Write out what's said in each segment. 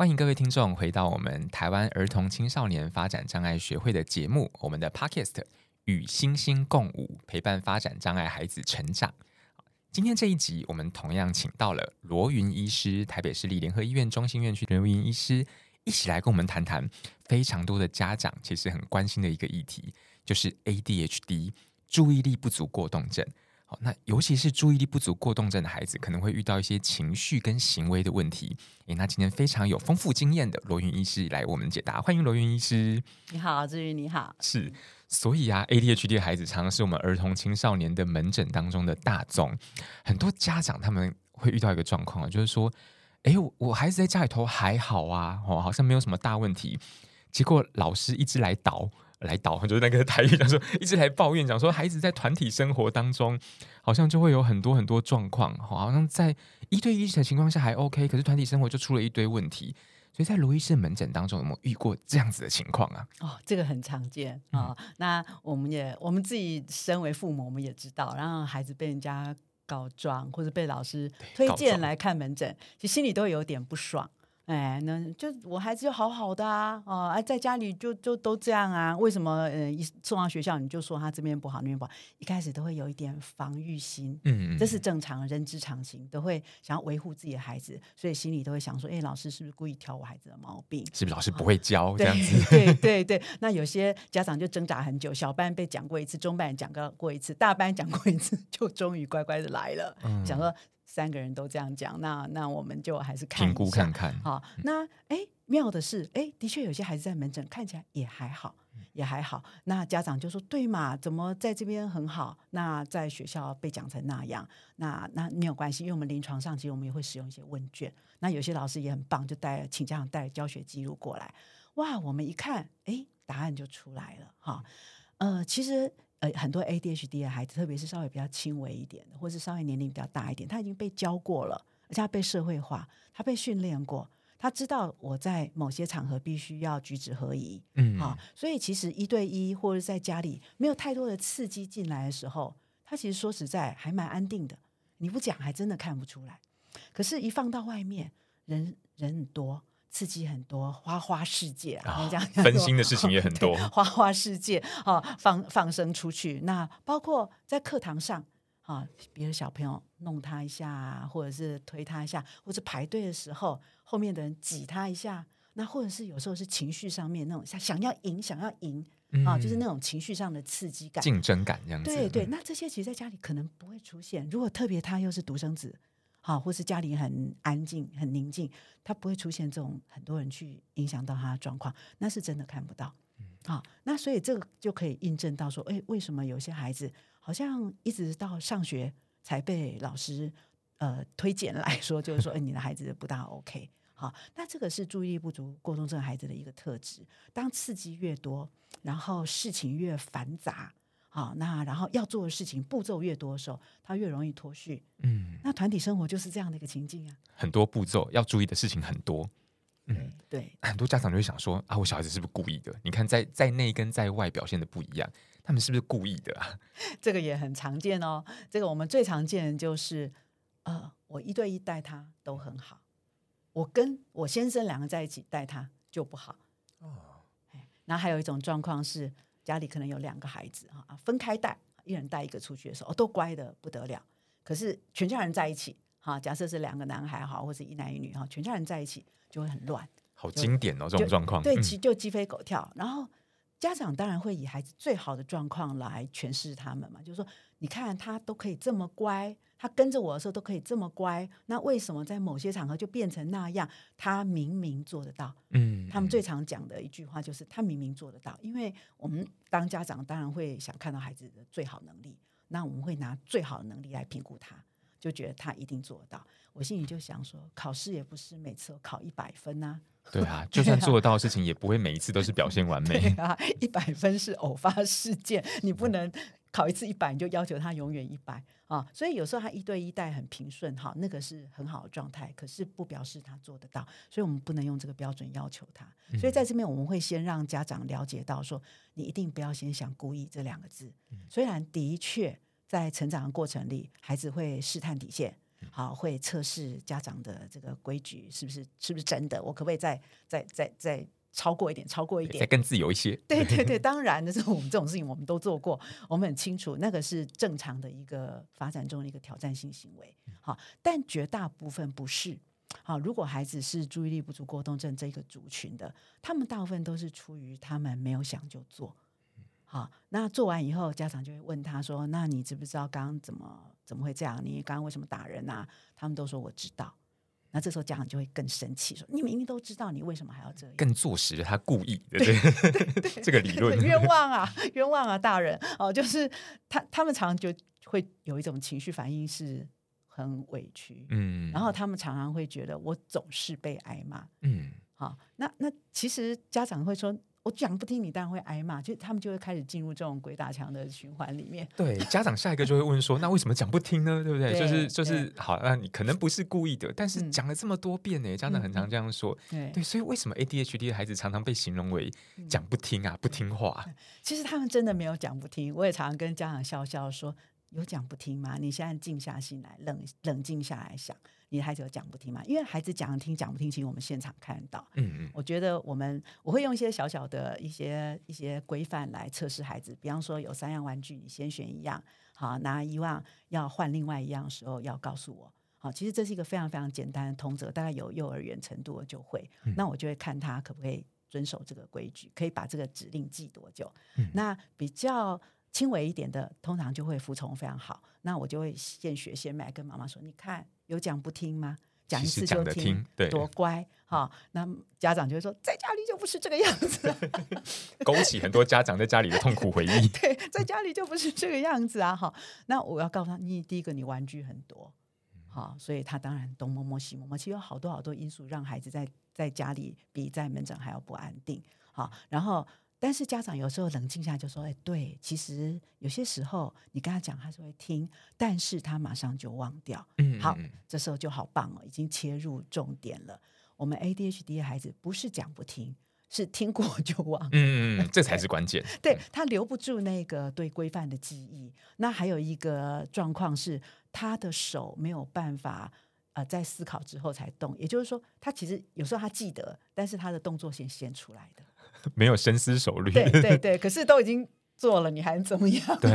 歡迎各位聽眾回到我們台灣兒童青少年發展障礙學會的節目，我們的 Podcast《與星星共舞》，陪伴發展障礙孩子成長。今天這一集，我們同樣請到了羅筠醫師，台北市立聯合醫院中心院區的羅筠醫師，一起來跟我們談談非常多的家長其實很關心的一個議題，就是 ADHD（ 注意力不足過動症）。那尤其是注意力不足過動症的孩子，可能會遇到一些情緒跟行為的問題。哎，那今天非常有豐富經驗的羅筠醫師來為我們解答，歡迎羅筠醫師。你好，志雲，你好。是，所以啊，ADHD 的孩子常常是我們兒童青少年的門診當中的大宗。很多家長他們會遇到一個狀況啊，就是說，哎，我孩子在家裡頭還好啊，哦，好像沒有什麼大問題，結果老師一直來搗。來到就是那個台語講說，一直來抱怨講說，孩子在團體生活當中好像就會有很多很多狀況，好像在一對一的情況下還 OK，可是團體生活就出了一堆問題。所以在羅醫師門診當中，有沒有遇過這樣子的情況啊？哦，這個很常見啊、哦嗯。那我們也我們自己身為父母，我們也知道，然後孩子被人家告狀或者被老師推薦來看門診，其實心裡都有點不爽。哎，那就我孩子就好好的啊啊、呃，在家裡就就都這樣啊，為什麼呃、嗯、一送到學校你就說他這邊不好那邊不好？一開始都會有一點防御心，嗯，這是正常人之常情，都會想要維護自己的孩子，所以心裡都會想說，哎、欸，老師是不是故意挑我孩子的毛病？是不是老師不會教、嗯、這樣子？對對對，那有些家長就掙扎很久，小班被講過一次，中班也講過過一次，大班講過一次，就終於乖乖的來了，嗯、想說。三個人都這樣講，那那我們就還是看評估看看。好，那哎、欸，妙的是，哎、欸，的確有些孩子在門診看起來也還好，也還好。那家長就說：“對嘛，怎麼在這邊很好？那在學校被講成那樣？那那沒有關係，因為我們臨床上其實我們也會使用一些問卷。那有些老師也很棒，就帶請家長帶教學記錄過來。哇，我們一看，哎、欸，答案就出來了。哈、嗯，呃，其實。”呃，很多 ADHD 的孩子，特別是稍微比較輕微一點的，或是稍微年齡比較大一點，他已經被教過了，而且他被社會化，他被訓練過，他知道我在某些場合必須要舉止合宜，嗯，啊，所以其實一對一或者在家裡沒有太多的刺激進來的時候，他其實說實在還蠻安定的，你不講還真的看不出來，可是一放到外面，人人很多。刺激很多，花花世界，啊、這樣、啊、分心的事情也很多。哦，花花世界，哦，放放生出去。那包括在課堂上啊，別的，哦，小朋友弄他一下，或者是推他一下，或者排隊的時候後面的人擠他一下。那或者是有時候是情緒上面那種想要想要贏想要贏啊，就是那種情緒上的刺激感、競爭感這樣子。對對，那這些其實在家裡可能不會出現。如果特別他又是獨生子。好，或是家裡很安靜、很寧靜，他不會出現這種很多人去影響到他的狀況，那是真的看不到。好，那所以這個就可以印證到說，哎、欸，為什麼有些孩子好像一直到上學才被老師呃推薦來說，就是說哎、欸，你的孩子不大 OK。好，那這個是注意力不足過動症孩子的一個特質。當刺激越多，然後事情越繁雜。好，那然後要做的事情步驟越多的時候，他越容易脫序。嗯，那團體生活就是這樣的一個情境啊，很多步驟要注意的事情很多。嗯，對，很多家長就會想說啊，我小孩子是不是故意的？你看在在內跟在外表現的不一樣，他們是不是故意的啊？這個也很常見哦。這個我們最常見的就是，呃，我一對一帶他都很好，我跟我先生兩個在一起帶他就不好。哦，那然後還有一種狀況是。家裡可能有兩個孩子哈，啊，分開帶，一人帶一個出去的時候，都乖得不得了。可是全家人在一起哈，假設是兩個男孩哈，或者一男一女哈，全家人在一起就會很亂。好經典哦，這種狀況，對，其實就雞飛狗跳。嗯、然後。家長當然會以孩子最好的狀況來詮釋他們嘛，就是說，你看他都可以這麼乖，他跟着我的時候都可以這麼乖，那為什麼在某些場合就變成那樣？他明明做得到，嗯，他們最常講的一句話就是他明明做得到，因為我們當家長當然會想看到孩子的最好能力，那我們會拿最好的能力來評估他。就覺得他一定做得到，我心裡就想說，考試也不是每次都考一百分啊。對啊，就算做得到的事情，也不會每一次都是表現完美 啊。一百分是偶發事件，你不能考一次一百你就要求他永遠一百啊。所以有時候他一對一帶很平順，好，那個是很好的狀態，可是不表示他做得到，所以我們不能用這個標準要求他。所以在這邊我們會先讓家長了解到說你一定不要先想故意這兩個字，雖然的確。在成長的過程裡，孩子會試探底線，好，會測試家長的這個規矩是不是是不是真的，我可不可以再再再再超過一點，超過一點，再更自由一些？對對對，當然的，這 我們這種事情我們都做過，我們很清楚，那個是正常的一個發展中的一個挑戰性行為，好，但絕大部分不是。好，如果孩子是注意力不足過動症這一個族群的，他們大部分都是出於他們沒有想就做。好，那做完以後，家長就會問他說：“那你知不知道剛剛怎麼怎麼會這樣？你剛剛為什麼打人吶、啊？”他們都說我知道。那這時候家長就會更生氣，說：“你明明都知道，你為什麼還要這樣？”更坐實了他故意的，對，這個理論。冤枉啊，冤枉啊，大人哦，就是他，他們常常就會有一種情緒反應是很委屈，嗯，然後他們常常會覺得我總是被挨罵，嗯，好，那那其實家長會說。我講不聽你，當然會挨罵，就他們就會開始進入這種鬼打牆的循環裡面。對，家長下一個就會問說：“ 那為什麼講不聽呢？對不對？”對就是就是，好，那你可能不是故意的，但是講了這麼多遍呢、嗯，家長很常這樣說、嗯。對，所以為什麼 ADHD 的孩子常常被形容為講不聽啊，嗯、不聽話？其實他們真的沒有講不聽，我也常常跟家長笑笑說：“有講不聽嗎？你現在靜下心來，冷冷靜下來想。”你的孩子有講不聽嗎？因為孩子講聽講不聽，其實我們現場看到。嗯嗯。我覺得我們我會用一些小小的一些一些規範來測試孩子，比方說有三樣玩具，你先選一樣，好拿一望要換另外一樣的時候要告訴我。好，其實這是一個非常非常簡單的通則，大概有幼兒園程度的就會、嗯。那我就會看他可不可以遵守這個規矩，可以把這個指令記多久、嗯。那比較輕微一點的，通常就會服從非常好。那我就會現學現賣，跟媽媽說：“你看。”有講不聽嗎？講一次就聽，對，多乖哈、哦。那家長就會說，在家裡就不是這個樣子，啊，勾 起很多家長在家裡的痛苦回憶。 對，在家裡就不是這個樣子啊，哈、哦。那我要告訴他，你第一個，你玩具很多，好、嗯哦，所以他當然東摸摸西摸摸。其實有好多好多因素，讓孩子在在家裡比在門診還要不安定，好、哦，然後，但是家長有時候冷靜下來就說：“哎、欸，對，其實有些時候你跟他講，他是會聽，但是他馬上就忘掉。嗯,嗯,嗯，好，這時候就好棒哦，已經切入重點了。我們 ADHD 的孩子不是講不聽，是聽過就忘。嗯嗯，這才是關鍵。 對，他留不住那個對規範的記憶。那還有一個狀況是，他的手沒有辦法呃，在思考之後才動。也就是說，他其實有時候他記得，但是他的動作先先出來的。”沒有深思熟慮，對對對，可是都已經做了，你還怎麼樣？對，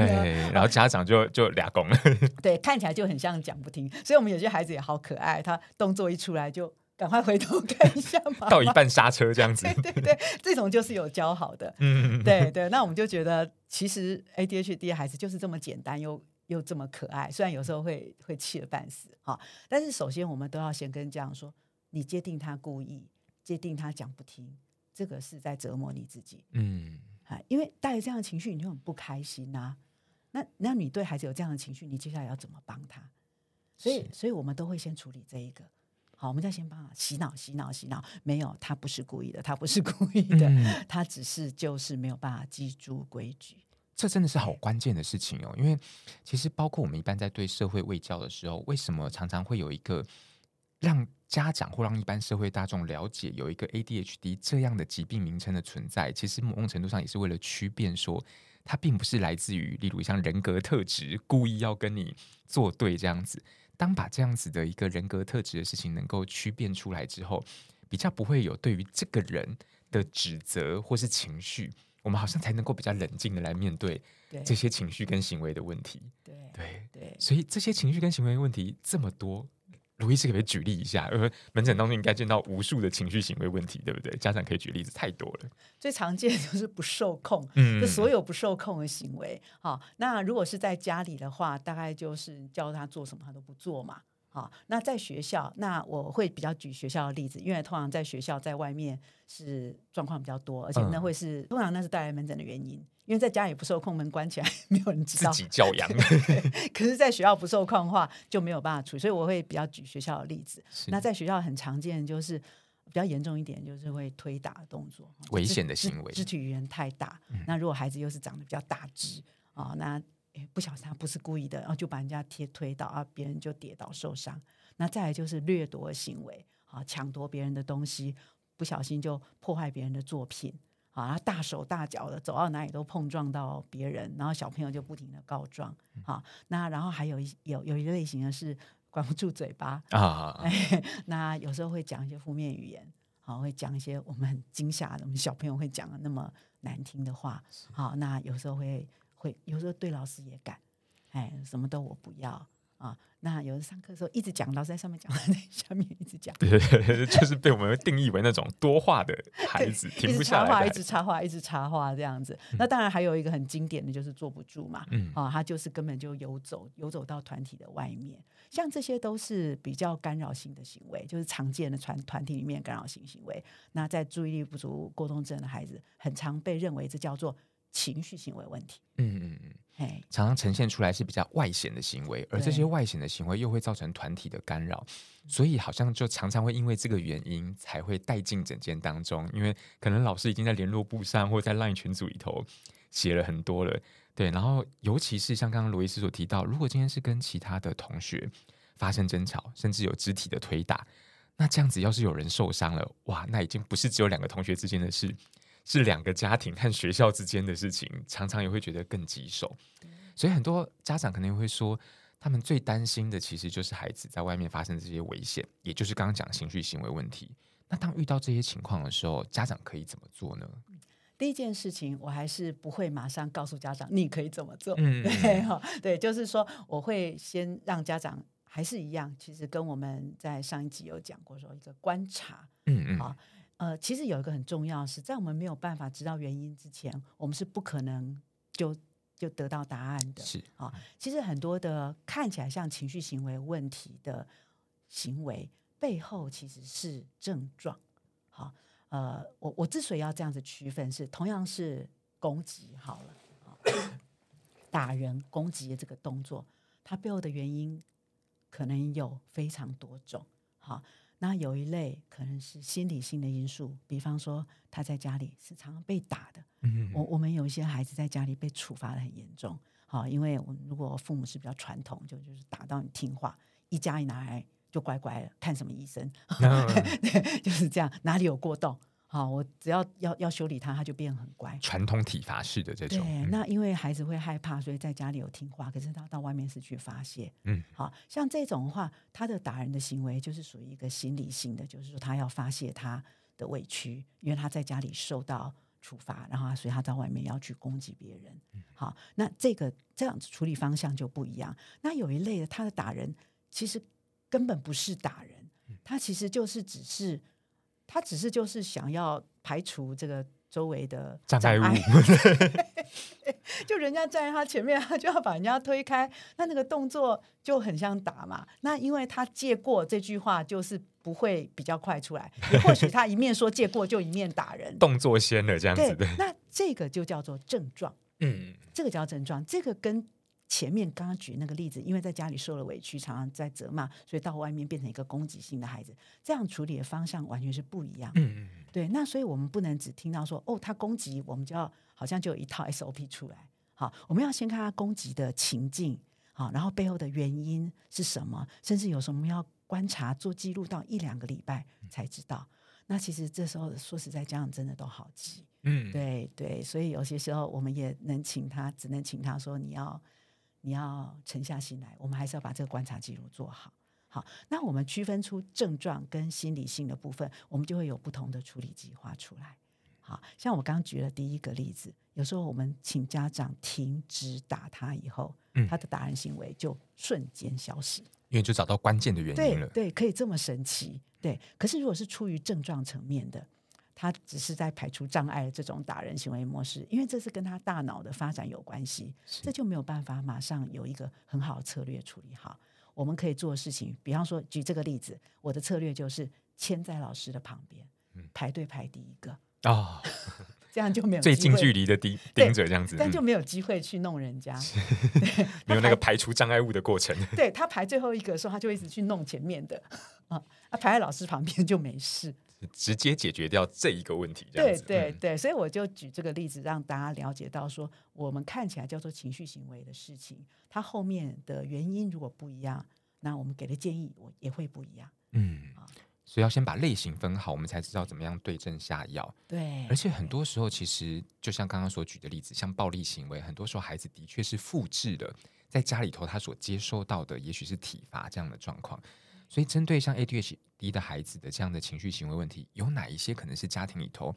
然後家長就就倆拱了，對，看起來就很像講不聽。所以我們有些孩子也好可愛，他動作一出來就趕快回頭看一下嘛，到一半剎車這樣子，對對對，這種就是有教好的，嗯，對對。那我們就覺得，其實 ADHD 孩子就是這麼簡單，又又這麼可愛。雖然有時候會會氣得半死哈、哦，但是首先我們都要先跟家長說，你接定他故意，接定他講不聽。這個是在折磨你自己，嗯，因為帶着這樣的情緒，你就很不開心吶、啊。那那你對孩子有這樣的情緒，你接下來要怎麼幫他？所以，所以我們都會先處理這一個。好，我們再先幫他洗腦，洗腦，洗腦。沒有，他不是故意的，他不是故意的，嗯、他只是就是沒有辦法記住規矩。這真的是好關鍵的事情哦，因為其實包括我們一般在對社會衛教的時候，為什麼常常會有一個。讓家長或讓一般社會大眾了解有一個 ADHD 這樣的疾病名稱的存在，其實某種程度上也是為了區辨說，它並不是來自於例如像人格特質故意要跟你作對這樣子。當把這樣子的一個人格特質的事情能夠區辨出來之後，比較不會有對於這個人的指責或是情緒，我們好像才能夠比較冷靜的來面對這些情緒跟行為的問題。對對對，對，所以這些情緒跟行為問題這麼多，羅醫師，可不可以舉例一下？呃，門診當中應該見到無數的情緒行為問題，對不對？家長可以舉例子太多了。最常見的就是不受控，嗯，就所有不受控的行為。好、嗯嗯哦，那如果是在家裡的話，大概就是教他做什麼他都不做嘛。好、哦，那在學校，那我會比較舉學校的例子，因為通常在學校在外面是狀況比較多，而且那會是、嗯、通常那是帶來門診的原因。因為在家也不受控，門關起來沒有人知道。自己教養。 對 可是在學校不受控的話就沒有辦法處理，所以我會比較舉學校的例子。那在學校很常見，就是比較嚴重一點，就是會推打動作、危險的行為、肢體語言太大，嗯。那如果孩子又是長得比較大只啊，嗯哦，那不小心他不是故意的，然、啊、後就把人家貼推倒啊，別人就跌倒受傷。那再來就是掠奪行為啊，搶奪別人的東西，不小心就破壞別人的作品。啊，大手大腳的走到哪裡都碰撞到別人，然後小朋友就不停地告狀。好，那然後還有一有有一類型的是管不住嘴巴啊、哎、啊，那有時候會講一些負面語言，好，會講一些我們很驚嚇的，我們小朋友會講的那麼難聽的話。好，那有時候會會有時候對老師也敢，哎，什麼都我不要。啊、哦，那有人上課的時候一直講，老師在上面講，在下面一直講， 對,對,對，就是被我們定義為那種多話的孩子， 停不下來，一直插話，一直插話，一直插話這樣子。那當然還有一個很經典的就是坐不住嘛，嗯，啊、哦，他就是根本就游走，游走到團體的外面，像這些都是比較干擾性的行為，就是常見的團團體裡面干擾性行為。那在注意力不足過動症的孩子，很常被認為這叫做情緒行為問題。嗯嗯嗯。常常呈現出來是比較外顯的行為，而這些外顯的行為又會造成團體的干擾，所以好像就常常會因為這個原因才會帶進診間當中。因為可能老師已經在聯絡簿上或在 LINE 群組裡頭寫了很多了，對。然後尤其是像剛剛羅醫師所提到，如果今天是跟其他的同學發生爭吵，甚至有肢體的推打，那這樣子要是有人受傷了，哇，那已經不是只有兩個同學之間的事。是兩個家庭和學校之間的事情，常常也會覺得更棘手，所以很多家長可能會說，他們最擔心的其實就是孩子在外面發生這些危險，也就是剛剛講的情緒行為問題。那當遇到這些情況的時候，家長可以怎麼做呢？嗯，第一件事情，我還是不會馬上告訴家長你可以怎麼做，嗯，對，哦，對，就是說我會先讓家長，還是一樣，其實跟我們在上一集有講過，說一個觀察，嗯嗯，哦呃，其實有一個很重要是在我們沒有辦法知道原因之前，我們是不可能就就得到答案的。是啊、哦，其實很多的看起來像情緒行為問題的行為背後其實是症狀。好、哦，呃，我我之所以要這樣子區分是，是同樣是攻擊好了，哦、 打人攻擊的這個動作，它背後的原因可能有非常多種。好、哦。那有一類可能是心理性的因素，比方說他在家裡是常常被打的。嗯、我我們有一些孩子在家裡被處罰的很嚴重、哦，因為我如果父母是比較傳統，就就是打到你聽話，一家一男孩就乖乖的看什麼醫生、no. 對，就是這樣，哪裡有過道好，我只要要要修理他，他就變很乖。傳統體罰式的這種，對、嗯，那因為孩子會害怕，所以在家裡有聽話，可是他到外面是去發洩。嗯，好，像這種的話，他的打人的行為就是屬於一個心理性的，就是說他要發洩他的委屈，因為他在家裡受到處罰，然後所以他到外面要去攻擊別人、嗯。好，那這個這樣子處理方向就不一樣。那有一類的，他的打人其實根本不是打人，嗯、他其實就是只是。他只是就是想要排除這個周圍的障礙物， 就人家站在他前面，他就要把人家推開，那那個動作就很像打嘛。那因為他借過這句話，就是不會比較快出來，也或許他一面說借過，就一面打人， 動作先了這樣子的。那這個就叫做症狀，嗯，這個叫症狀，這個跟。前面剛剛舉那個例子，因為在家裡受了委屈，常常在責罵，所以到外面變成一個攻擊性的孩子。這樣處理的方向完全是不一樣。嗯嗯。對，那所以我們不能只聽到說哦，他攻擊，我們就要好像就有一套 SOP 出來。好，我們要先看他攻擊的情境，好，然後背後的原因是什麼，甚至有時候我們要觀察做記錄到一兩個禮拜才知道。嗯。那其實這時候說實在，家長真的都好急。嗯。對對，所以有些時候我們也能請他，只能請他說你要。你要沉下心來，我們還是要把這個觀察記錄做好。好，那我們區分出症狀跟心理性的部分，我們就會有不同的處理計劃出來。好，像我剛剛舉了第一個例子，有時候我們請家長停止打他以後，嗯，他的打人行為就瞬間消失，因為就找到關鍵的原因了。對，對，可以這麼神奇。對，可是如果是出於症狀層面的。他只是在排除障礙的這種打人行為模式，因為這是跟他大腦的發展有關係，這就沒有辦法馬上有一個很好的策略處理好。我們可以做的事情，比方說舉這個例子，我的策略就是牽在老師的旁邊，嗯、排隊排第一個哦，這樣就沒有最近距離的盯盯着這樣子、嗯，但就沒有機會去弄人家，沒有那個排除障礙物的過程。對，他排最後一個時候，他就一直去弄前面的 啊，排在老師旁邊就沒事。直接解決掉這一個問題，對對對、嗯，所以我就舉這個例子讓大家了解到說，說我們看起來叫做情緒行為的事情，它後面的原因如果不一樣，那我們給的建議也會不一樣。嗯、啊，所以要先把類型分好，我們才知道怎麼樣對症下藥。對，而且很多時候，其實就像剛剛所舉的例子，像暴力行為，很多時候孩子的確是複製的，在家裡頭他所接收到的，也許是體罰這樣的狀況。所以，針對像 ADHD 的孩子的這樣的情緒行為問題，有哪一些可能是家庭裡頭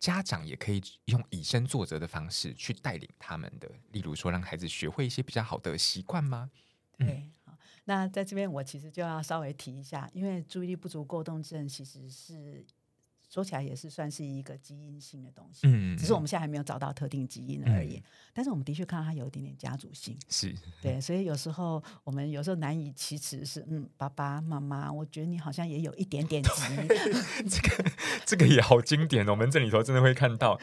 家長也可以用以身作則的方式去帶領他們的？例如說，讓孩子學會一些比較好的習慣嗎？對，嗯，好，那在這邊我其實就要稍微提一下，因為注意力不足過動症其實是。說起來也是算是一個基因性的東西，只、嗯、是我們現在還沒有找到特定基因而已。嗯、但是我們的確看到它有一點點家族性，是，對。嗯、所以有時候我們有時候難以啟齒，是，嗯，爸爸媽媽，我覺得你好像也有一點點急。 這個這個也好經典哦， 我們這裡頭真的會看到，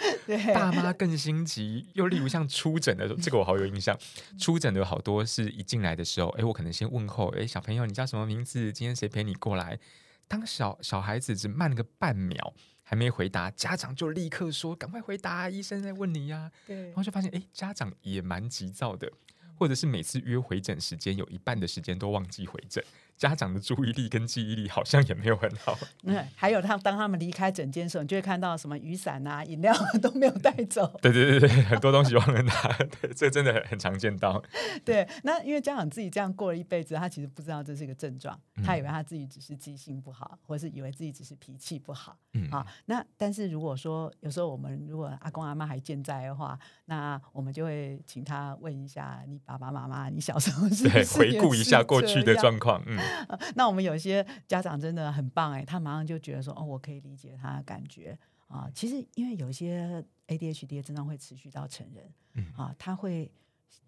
爸媽更心急。又例如像初診的時候， 這個我好有印象，初診的好多是一進來的時候，哎，我可能先問候，哎，小朋友，你叫什麼名字？今天誰陪你過來？當小小孩子只慢個半秒還沒回答，家長就立刻說：“趕快回答、啊！醫生在問你呀、啊！”對，然後就發現，哎、欸，家長也蠻急躁的，或者是每次約回診時間有一半的時間都忘記回診。家長的注意力跟記憶力好像也沒有很好。還有他當他們離開診間的時候，你就會看到什麼雨傘啊、飲料都沒有帶走。 對對對對，很多東西忘了拿， 對，這真的很常見到。對，那因為家長自己這樣過了一輩子，他其實不知道這是一個症狀，他以為他自己只是記性不好，嗯、或是以為自己只是脾氣不好、嗯、啊。那但是如果說有時候我們如果阿公阿媽還健在的話，那我們就會請他問一下你爸爸媽媽，你小時候是不是,對,是也是這樣?回顧一下過去的狀況，嗯。 那我們有些家長真的很棒哎，欸，他馬上就覺得說，哦，我可以理解他的感覺啊。其實因為有一些 ADHD 的症狀會持續到成人，啊，他會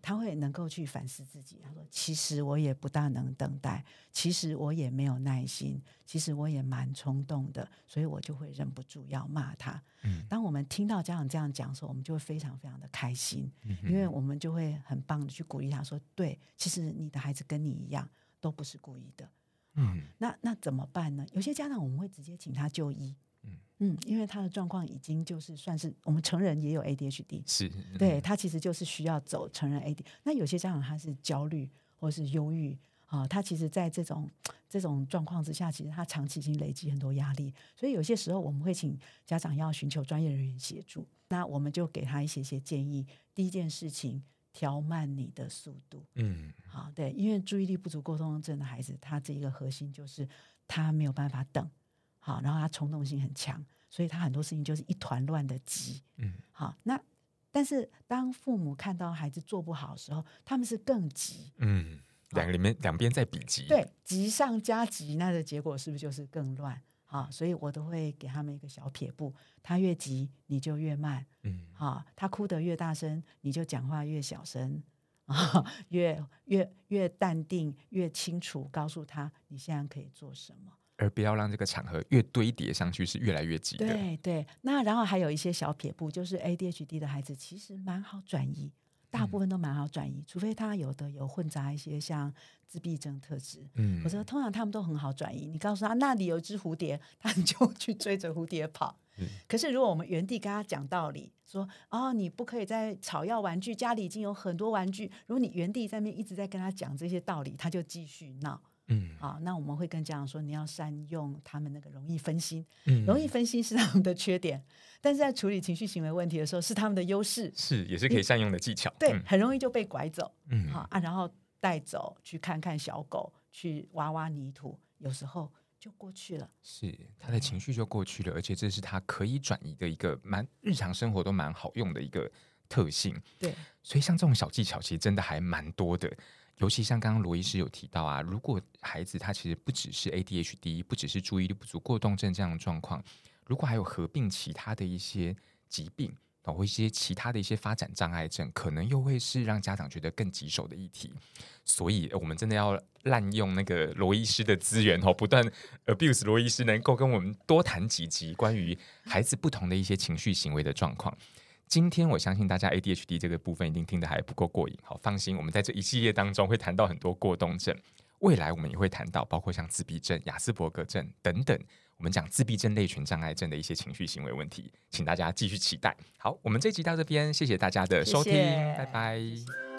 他會能夠去反思自己。他說，其實我也不大能等待，其實我也沒有耐心，其實我也蠻衝動的，所以我就會忍不住要罵他。嗯，當我們聽到家長這樣講的時候，我們就會非常非常的開心，因為我們就會很棒的去鼓勵他說，對，其實你的孩子跟你一樣。都不是故意的，嗯，那那怎麼辦呢？有些家長我們會直接請他就醫，嗯，嗯，因為他的狀況已經就是算是我們成人也有 ADHD，是，嗯，對，他其實就是需要走成人 AD。那有些家長他是焦慮或是憂鬱啊，他其實，在這種這種狀況之下，其實他長期已經累積很多壓力，所以有些時候我們會請家長要尋求專業人員協助，那我們就給他一些些建議。第一件事情。調慢你的速度，嗯，好，對，因為注意力不足過動症的孩子，他這一個核心就是他沒有辦法等，好，然後他衝動性很強，所以他很多事情就是一團亂的急，嗯，好，那但是當父母看到孩子做不好的時候，他們是更急，嗯，兩個裡面兩邊在比急，對，急上加急，那的結果是不是就是更亂？好，所以我都會給他們一個小撇步。他越急，你就越慢。嗯，哦、他哭得越大聲，你就講話越小聲。啊、哦，越越越淡定，越清楚告訴他你現在可以做什麼，而不要讓這個場合越堆疊上去是越來越急的。對對，那然後還有一些小撇步，就是 ADHD 的孩子其實蠻好轉移。大部分都蠻好轉移，嗯，除非他有的有混雜一些像自閉症特質，嗯。我覺得通常他們都很好轉移，你告訴他那裡有一隻蝴蝶，他就去追着蝴蝶跑，嗯。可是如果我們原地跟他講道理，說哦，你不可以再吵要玩具，家裡已經有很多玩具，如果你原地在那邊一直在跟他講這些道理，他就繼續鬧。嗯，好。那我們會跟家長說，你要善用他們那個容易分心，嗯，容易分心是他們的缺點，但是在處理情緒行為問題的時候是他們的優勢，是也是可以善用的技巧，對，嗯，很容易就被拐走，嗯，好啊，然後帶走去看看小狗，去挖挖泥土，有時候就過去了，是他的情緒就過去了，而且這是他可以轉移的一個蠻日常生活都蠻好用的一個特性，對，所以像這種小技巧其實真的還蠻多的。尤其像剛剛羅醫師有提到啊，如果孩子他其實不只是 ADHD，不只是注意力不足過動症這樣的狀況，如果還有合併其他的一些疾病，包括一些其他的一些發展障礙症，可能又會是讓家長覺得更棘手的議題。所以，我們真的要濫用那個羅醫師的資源哦，不斷 abuse 羅醫師，能夠跟我們多談幾集關於孩子不同的一些情緒行為的狀況。今天我相信大家 ADHD 這個部分一定聽得還不夠過癮，好，放心，我們在這一系列當中會談到很多過動症，未來我們也會談到包括像自閉症、亞斯伯格症等等，我們講自閉症類群障礙症的一些情緒行為問題，請大家繼續期待。好，我們這集到這邊，謝謝大家的收聽，謝謝拜拜。謝謝